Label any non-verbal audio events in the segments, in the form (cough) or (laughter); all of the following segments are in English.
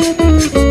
Thank you.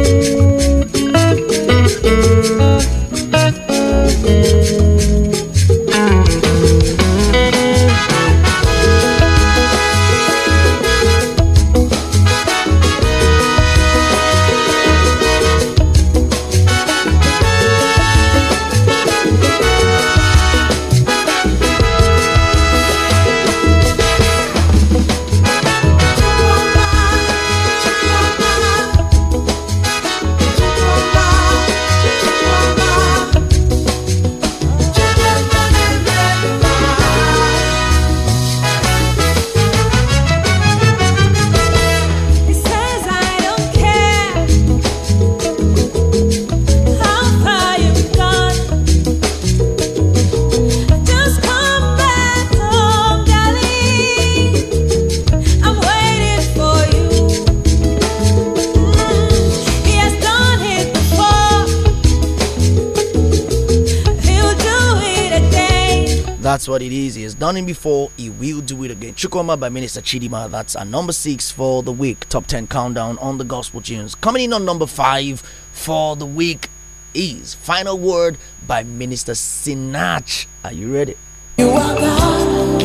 done it before, he will do it again. Chukoma by Minister Chidima. That's our number six for the week. Top 10 countdown on the gospel tunes. Coming in on number five for the week is Final Word by Minister Sinach. Are you ready? You are God.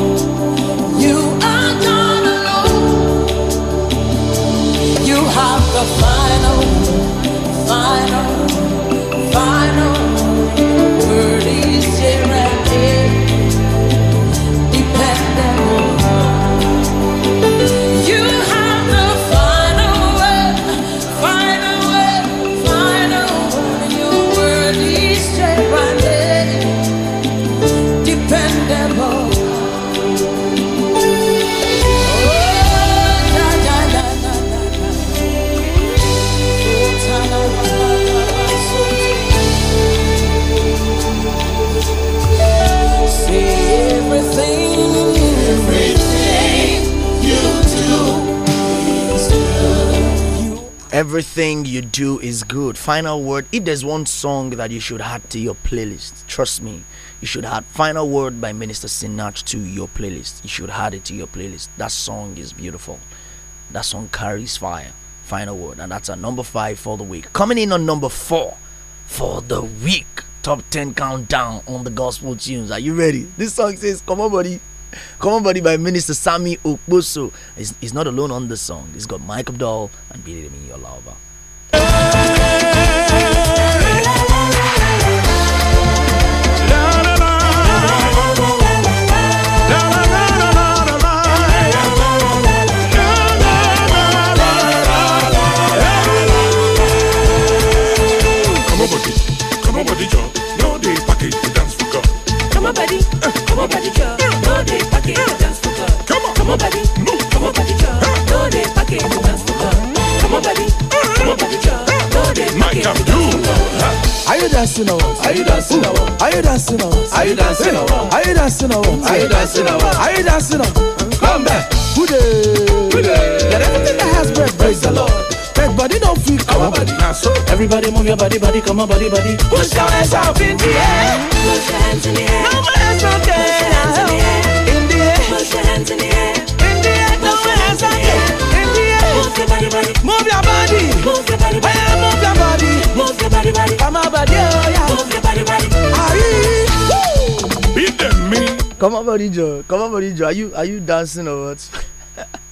You are God alone. You have the final, final, final. Everything you do is good. Final word. If there's one song that you should add to your playlist, trust me, you should add Final Word by Minister Sinach to your playlist. You should add it to your playlist. That song is beautiful. That song carries fire. Final Word. And that's our number five for the week. Coming in on number four for the week. Top 10 countdown on the gospel tunes. Are you ready? This song says, Come on, buddy. Common Body by Minister Sami Okboso. He's, he's not alone on the song. He's got Mike Abdul and Billy Me Your Lover. on, body chop. No day package, dance for Come on, come on, body, Come on, body chop. No day package, dance for God. Come on, body, come on, body chop. No day package, dance for God. Are you dancing Are you dancing Are you dancing Are you dancing Are you dancing Are you dancing Are you dancing Come back. Who day? Who day? Let everything that has breath praise the Lord. Everybody don't feel our body. Now so everybody move your body, body, come on, body, body. Push your hands up in the air. Push your hands in the air. No hands out there. In the air. Push your hands in the air. In the air. No hands out hands. In the air. Move your body, body. Move your body. Move your body, Move your body. Move your body, body. Come on, body, oh yeah. Move your body, body. Aye. Woo. Beat them me. Come on, body Joe. Come on, body Joe. Are you are you dancing or what?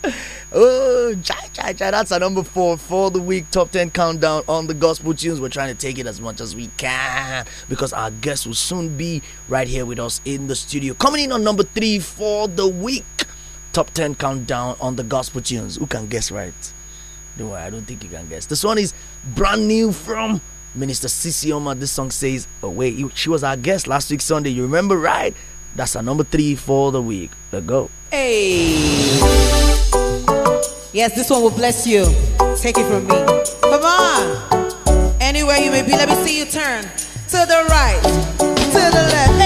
(laughs) oh, Jack. That's our number four for the week top 10 countdown on the gospel tunes. We're trying to take it as much as we can because our guest will soon be right here with us in the studio. Coming in on number three for the week top 10 countdown on the gospel tunes. Who can guess right? Don't worry, I don't think you can guess. This one is brand new from Minister Sisi Oma. This song says, Oh, wait, she was our guest last week Sunday. You remember, right? That's our number three for the week. Let's go. Hey. Yes, this one will bless you. Take it from me. Come on. Anywhere you may be, let me see you turn. To the right, to the left.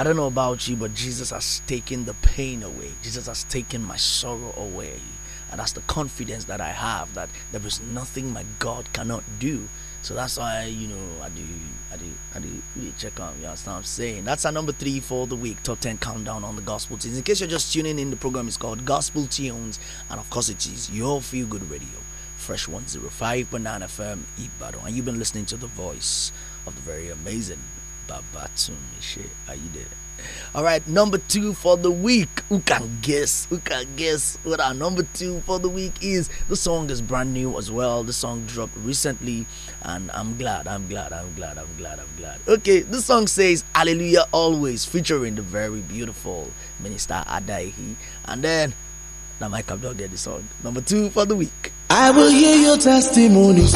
I don't know about you, but Jesus has taken the pain away. Jesus has taken my sorrow away. And that's the confidence that I have that there is nothing my God cannot do. So that's why, you know, I do, I do, I do really check out. You understand what I'm saying? That's our number three for the week, top 10 countdown on the gospel tunes. In case you're just tuning in, the program is called Gospel Tunes. And of course, it is your feel good radio, Fresh One Zero Five Banana FM, Ibadan. And you've been listening to the voice of the very amazing are you there? All right, number two for the week. Who can guess? Who can guess what our number two for the week is? The song is brand new as well. The song dropped recently, and I'm glad, I'm glad, I'm glad, I'm glad, I'm glad. Okay, the song says Hallelujah Always, featuring the very beautiful Minister Adaihi. And then, now my come down the song. Number two for the week. I will hear your testimonies.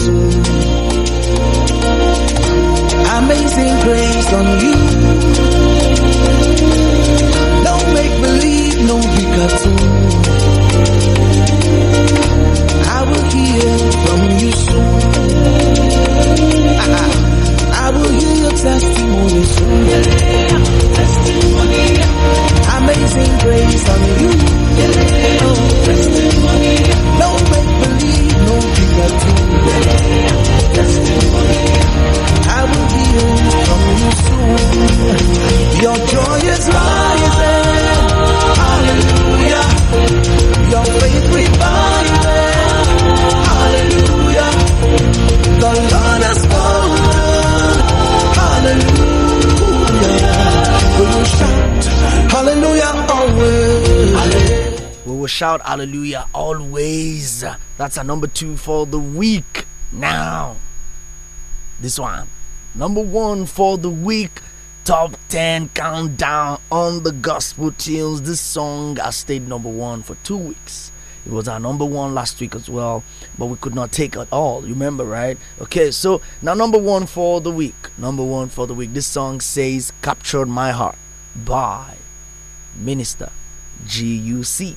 Amazing grace on you. No make believe, no be cartoon. I will hear from you soon. I, (laughs) I will hear your testimony soon. Amazing grace on you. No make believe, no be cartoon. Testimony will hear from you soon. Your joy is rising. Hallelujah. Your faith reviving. Hallelujah. The Lord has spoken. Hallelujah. We will shout hallelujah always. We will shout hallelujah always. That's our number two for the week. Now, this one number one for the week. Top 10 countdown on the gospel tunes. This song has stayed number one for two weeks. It was our number one last week as well, but we could not take it all. You remember, right? Okay, so now number one for the week. Number one for the week. This song says Captured My Heart by Minister G U C.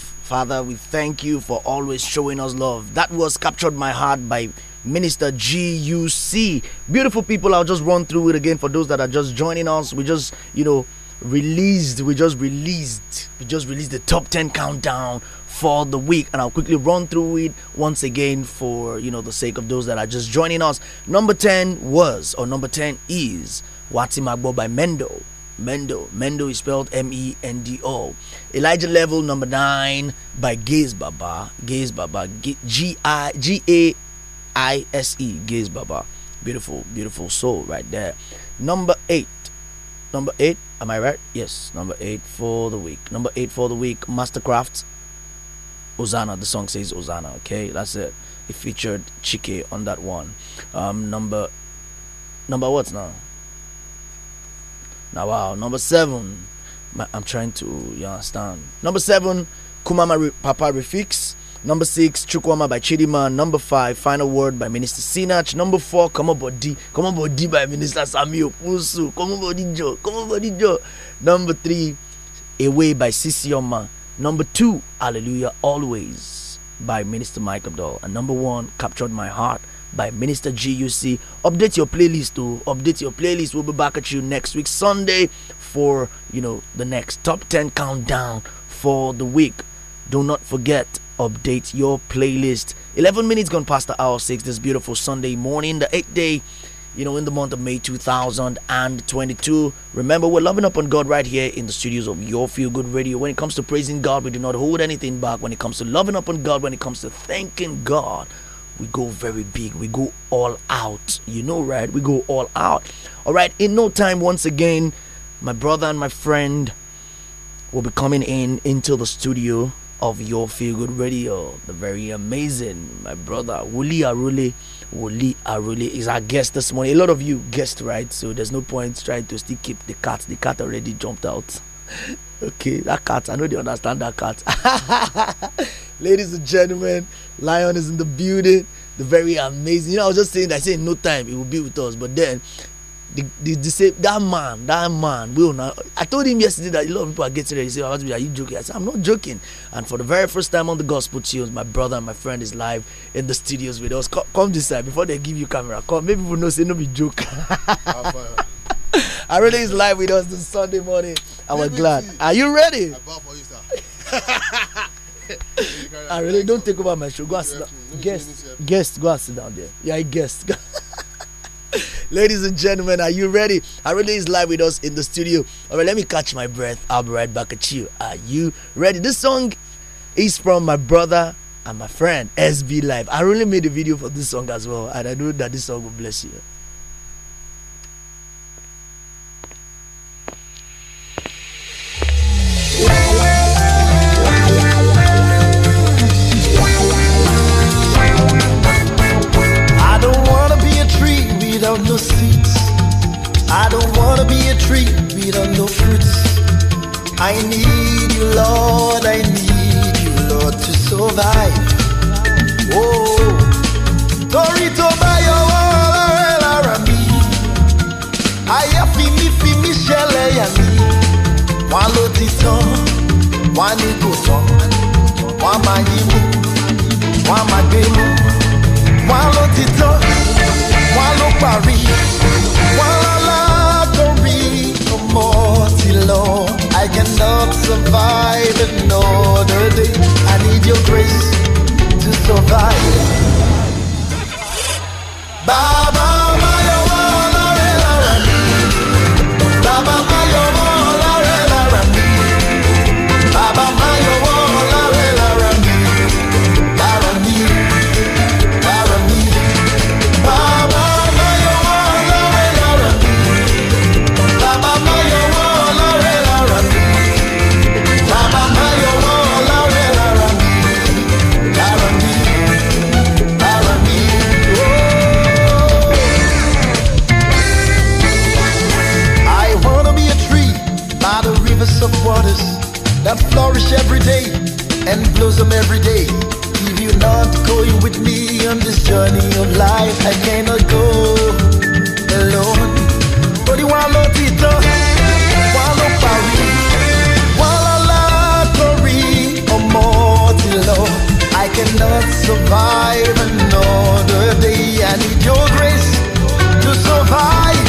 Father, we thank you for always showing us love. That was captured my heart by Minister GUC. Beautiful people, I'll just run through it again for those that are just joining us. We just, you know, released, we just released, we just released the top 10 countdown for the week and I'll quickly run through it once again for, you know, the sake of those that are just joining us. Number 10 was or number 10 is Watimagbo by Mendo. Mendo. Mendo is spelled M E N D O. Elijah Level number nine by Gaze Baba. Gaze Baba. G I G A I S E. Gaze Baba. Beautiful, beautiful soul right there. Number eight. Number eight. Am I right? Yes. Number eight for the week. Number eight for the week. Mastercraft. Ozana. The song says Ozana. Okay, that's it. It featured Chike on that one. Um, number. Number what's now? Now, wow, number seven. I'm trying to you understand. Number seven, Kumama Papa Refix. Number six, Chukwama by Chidima. Number five, Final Word by Minister Sinach. Number four, Komobodi. Komobodi by Minister Samuel Pusu. Komobodi Joe. Komobodi Joe. Number three, Away by Sisioma. Number two, Hallelujah Always by Minister Mike Abdul. And number one, Captured My Heart by Minister GUC. Update your playlist to oh. update your playlist. We'll be back at you next week Sunday for you know the next top 10 countdown for the week. Do not forget update your playlist. 11 minutes gone past the hour 6 this beautiful Sunday morning, the 8th day you know, in the month of May 2022. Remember, we're loving up on God right here in the studios of Your Feel Good Radio. When it comes to praising God, we do not hold anything back. When it comes to loving up on God, when it comes to thanking God we go very big, we go all out. You know, right? We go all out. All right, in no time, once again, my brother and my friend will be coming in into the studio of Your Feel Good Radio. The very amazing, my brother, Wuli Aruli Wuli Aruli is our guest this morning. A lot of you guessed right, so there's no point trying to still keep the cat. The cat already jumped out. (laughs) Okay, that cat, I know they understand that cat. (laughs) Ladies and gentlemen, Lion is in the building. The very amazing. You know, I was just saying that, say, no time, it will be with us. But then, the, the, the same, that man, that man, will not. I told him yesterday that a lot of people are getting ready. He said, Are you joking? I said, I'm not joking. And for the very first time on the Gospel Tunes, my brother and my friend is live in the studios with us. Come, come this side before they give you camera. Come, maybe people know, say, No, be joke. (laughs) I really is live with us this Sunday morning. I was glad. Are you ready? I bow for you, sir. (laughs) I really don't take over my show. Go and sit down. Guest, guest, go and sit down there. Yeah, I guest. (laughs) Ladies and gentlemen, are you ready? I really is live with us in the studio. All right, let me catch my breath. I'll be right back at you. Are you ready? This song is from my brother and my friend SB Live. I really made a video for this song as well, and I know that this song will bless you. I need só vai blossom every day. If you're not going with me on this journey of life, I cannot go alone. But you want to tito, while on Paris, while I lottery or more low. I cannot survive another day. I need your grace to survive.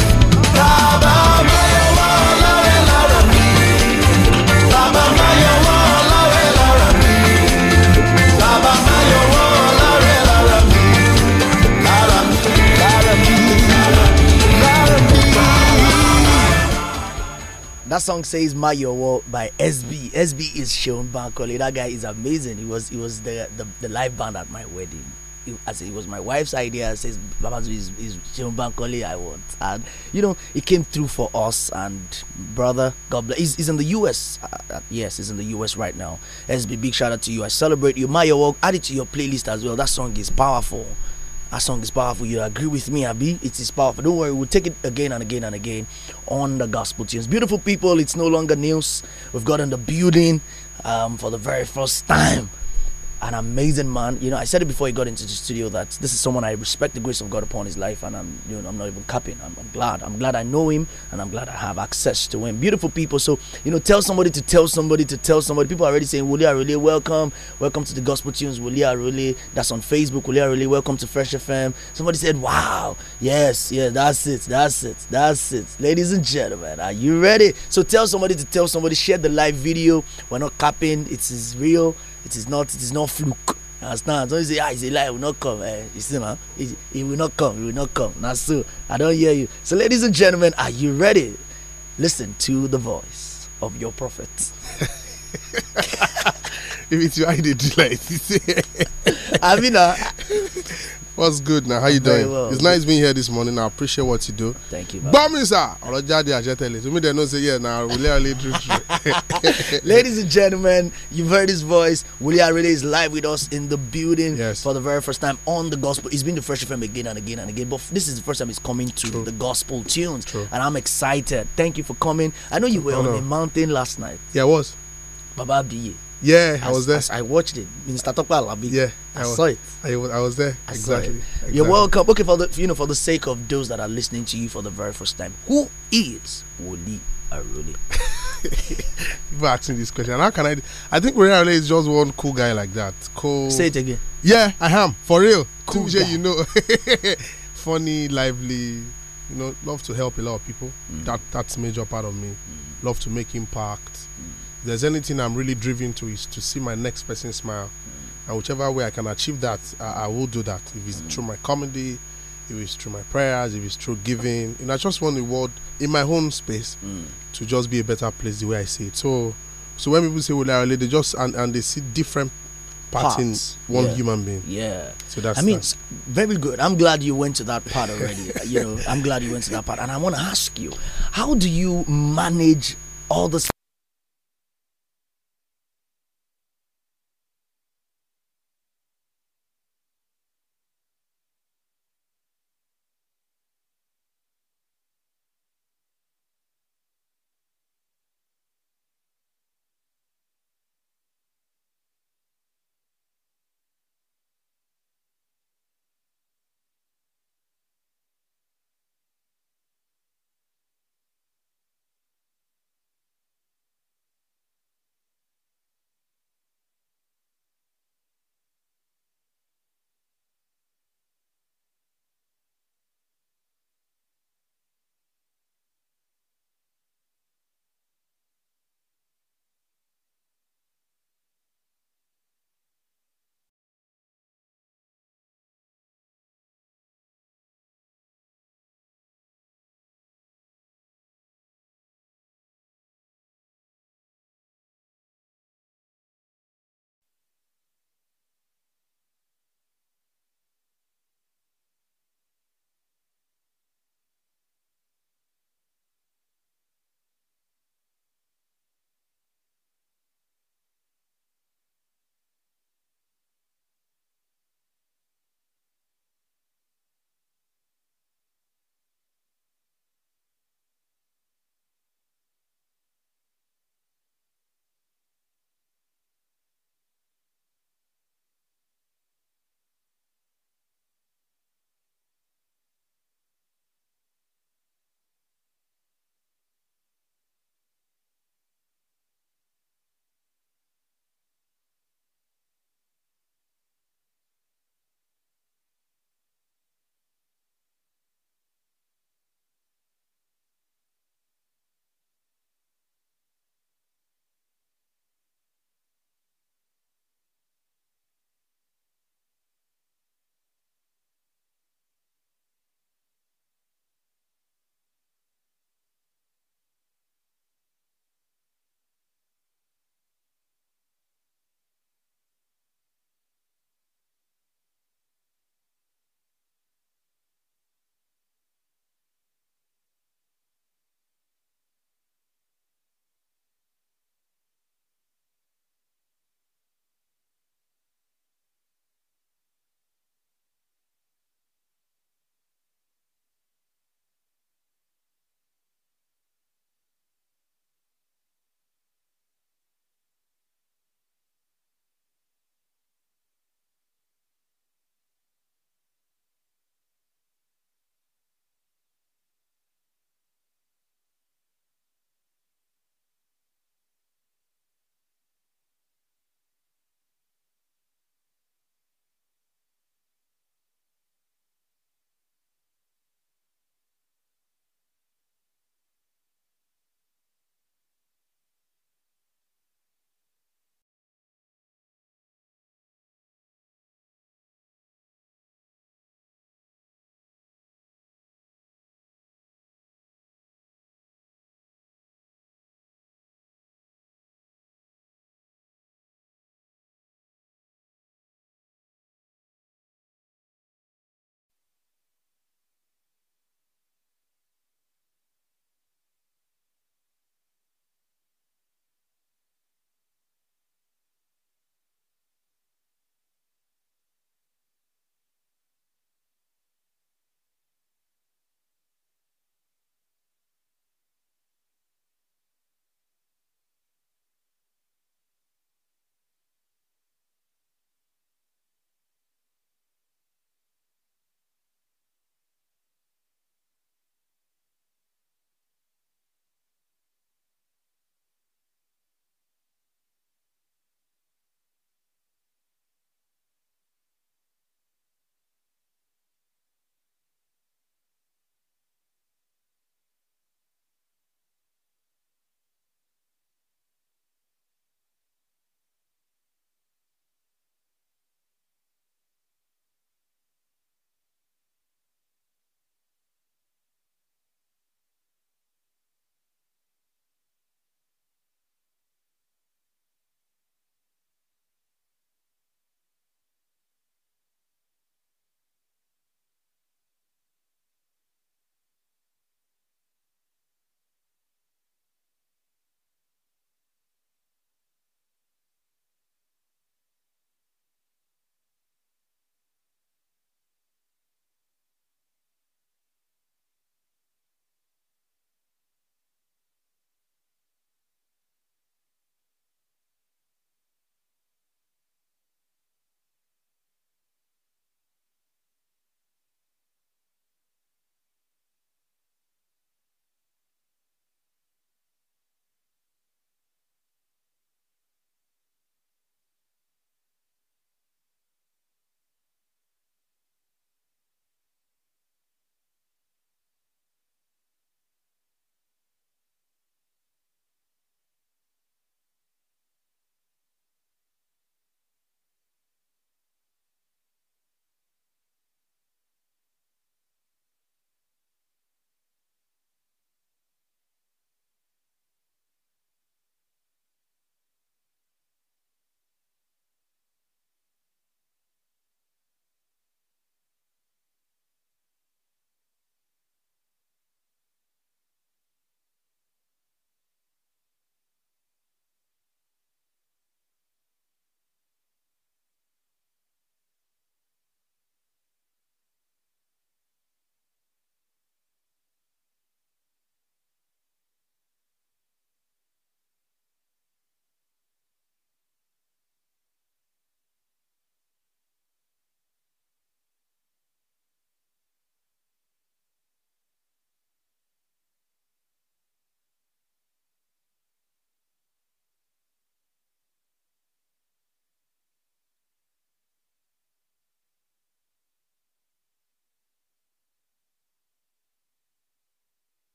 That song says "My Your World" by SB. SB is Sean Bankole. That guy is amazing. He was he was the the, the live band at my wedding. It, as it was my wife's idea, says Babazu is is Sean Bankole I want, and you know it came through for us. And brother, God bless. He's, he's in the U.S. Uh, uh, yes, he's in the U.S. right now. SB, big shout out to you. I celebrate you. My Your World. Add it to your playlist as well. That song is powerful. Our song is powerful. You agree with me, Abi? It is powerful. Don't worry, we'll take it again and again and again on the gospel tunes. Beautiful people, it's no longer news. We've got in the building um, for the very first time an amazing man. You know, I said it before he got into the studio that this is someone I respect the grace of God upon his life, and I'm you know I'm not even capping. I'm, I'm, glad. I'm glad I know him, and I'm glad I have access to him. Beautiful people. So you know, tell somebody to tell somebody to tell somebody. People are already saying, "Wulia really welcome, welcome to the Gospel Tunes." Wulia really that's on Facebook. Wulia really welcome to Fresh FM. Somebody said, "Wow, yes, yeah, that's it, that's it, that's it." Ladies and gentlemen, are you ready? So tell somebody to tell somebody. Share the live video. We're not capping. It is real it is not it is not fluke understand Don't say ah it's a lie he will not come eh you see man. he, he will not come he will not come na so i don hear you so ladies and gentlemen are you ready listen to the voice of your prophet. (laughs) if it's your idea to like this. I mean, uh, What's good now? How you doing? Well. It's nice being here this morning. I appreciate what you do. Thank you. Bamisa, Olojade Ajetele. To me, they not say yeah now. Wule Arele (laughs) Ladies and gentlemen, you've heard his voice. Wule Arele is live with us in the building yes. for the very first time on the gospel. He's been the first FM again and again and again, but this is the first time he's coming to true. the gospel tunes, true. and I'm excited. Thank you for coming. I know you were oh, on no. mountain last night. Yeah, I was. Baba Biye. Yeah, I, I was there. I, watched it. Mr. Topal, I mean, yeah, I, saw it. I was, I was there. Exactly, exactly, You're welcome. Okay, for the you know, for the sake of those that are listening to you for the very first time, who is Woli You're (laughs) asking this question. How can I? I think Woli Arule is just one cool guy like that. Cool. Say it again. Yeah, I am for real. Cool guy. you know, (laughs) funny, lively. You know, love to help a lot of people. Mm. That that's major part of me. Mm. Love to make impact there's anything I'm really driven to is to see my next person smile. Mm. And whichever way I can achieve that, I, I will do that. If it's mm. through my comedy, if it's through my prayers, if it's through giving. And I just want the world in my home space mm. to just be a better place the way I see it. So so when people say "well, they just and, and they see different parts, parts. in one yeah. human being. Yeah. So that's I mean that's. very good. I'm glad you went to that part already. (laughs) you know, I'm glad you went to that part. And I wanna ask you, how do you manage all this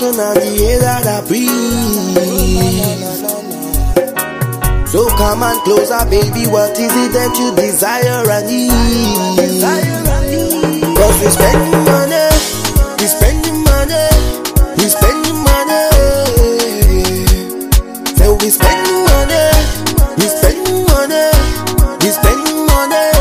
passion at the air that I breathe. So come and closer, baby. What is it that you desire and need? Cause we spend money, we spend money, we spend money. So we spend money, we spend money, we spend money.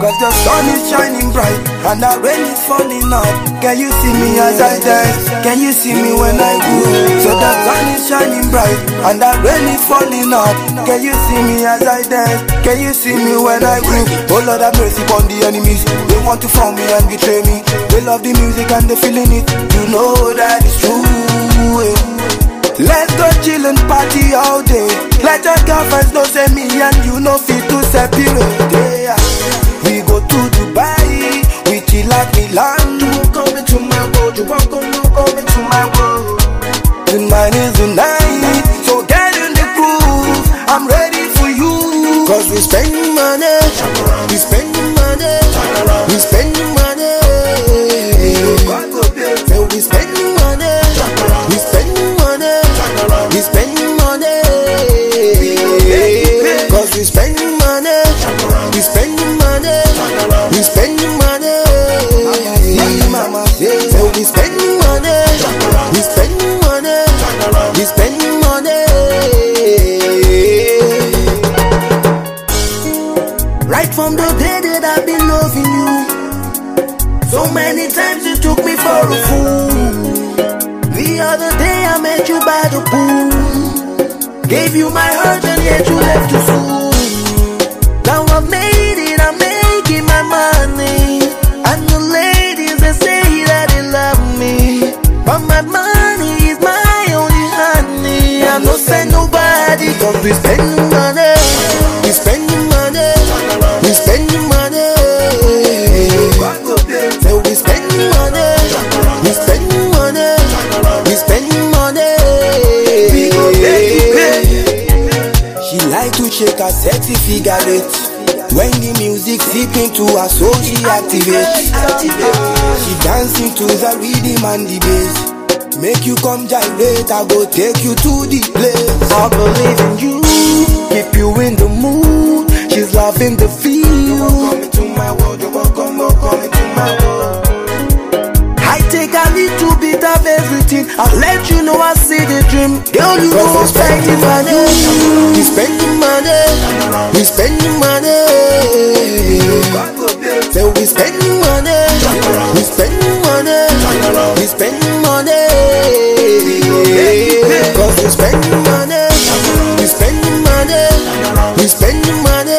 Cause the sun is shining bright. And that rain is falling up. Can you see me as I dance? Can you see me when I move? So the sun is shining bright. And that rain is falling up. Can you see me as I dance? Can you see me when I groove? Oh Lord, have mercy upon the enemies. They want to front me and betray me. They love the music and they feeling it. You know that it's true. Let's go chill and party all day. Let your girlfriends know say me and you know fit to separate. like Milan Ooh. Gave you my heart and yet you left too soon. Now I've made it, I'm making my money. And the ladies they say that they love me, but my money is my only honey. I'm not send nobody, cause we spend. shake her sexy cigarette. When the music seep into her soul, she activates. She dancing to the rhythm and the bass. Make you come gyrate, I go take you to the place. I believe in you, keep you in the mood. She's loving the feel. to my world, I let you know I see the dream. Girl, you know we am spending money. We spending money. We spending money. Say we spending money. We spending money. We spending money. Cause we spending money. We spending money. We spending money.